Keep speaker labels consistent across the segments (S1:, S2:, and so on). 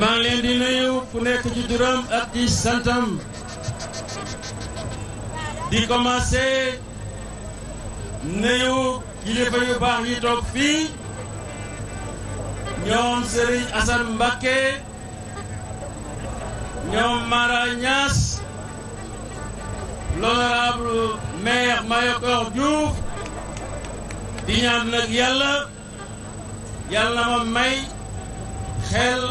S1: maa leen di nuyu ku nekk ci turam ak ci santam di commencé nuyu kilifa yu baax yi toog ñoom Serigne Assane Mbacké ñoom Mara Niass l'honorable maire Mayakor Diouf di ñaan nag yàlla yàlla ma may xel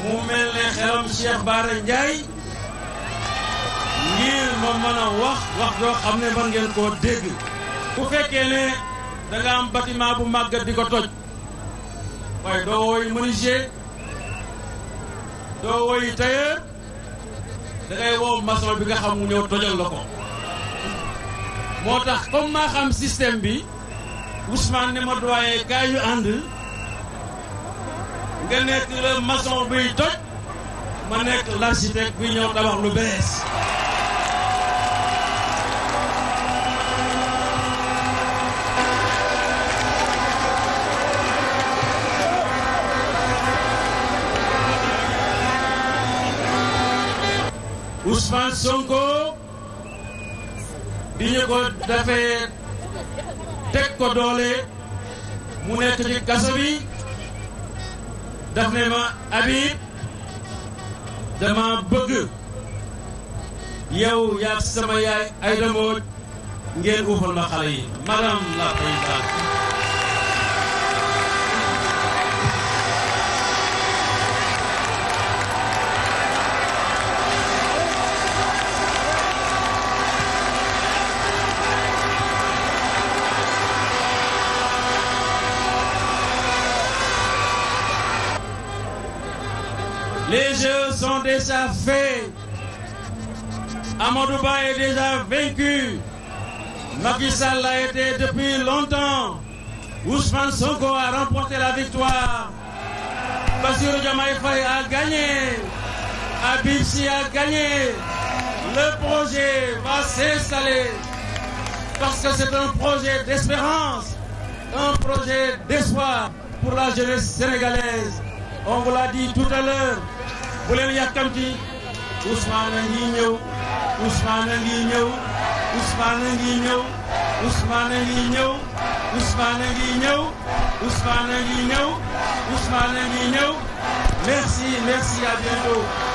S1: mu mel ne xelam Cheikh Bara Ndiaye ngir ma mën a wax wax doo xam ne mën ngeen koo dégg bu fekkee ne da am bâtiment bu màggat di ko toj waaye doo woy menuisier doo woy tailleur da ngay wow bi nga xam mu ñëw tojal la ko moo tax comme maa xam système bi Ousmane ne ma doyee gaa yu ànd nga nekk le maçon buy toj ma nekk l'architecte buy ñëw tabax lu bees Ousmane Sonko bi ñu ko dafee teg ko doole mu nekk ci kaso bi daf ne ma Habib dama bëgg yow yaa sama yaay ay damooj ngeen uufal ma xale yi madame la présidente Les jeux sont déjà faits. Amadouba est déjà vaincu. Macky Sall été depuis longtemps. Ousmane Sonko a remporté la victoire. Bassirou Diomaye Faye a gagné. Habib a gagné. Le projet va s'installer parce que c'est un projet d'espérance, un projet d'espoir pour la jeunesse sénégalaise. on vous l'a dit tout yàkkamti Ousmane ngi ñëw Ousmane a ngi ñëw Ousmane a ngi ñëw Ousmane ngi ñëw Ousmane a ngi ñëw Ousmane a ngi ñëw Ousmane a ngi ñëw merci merci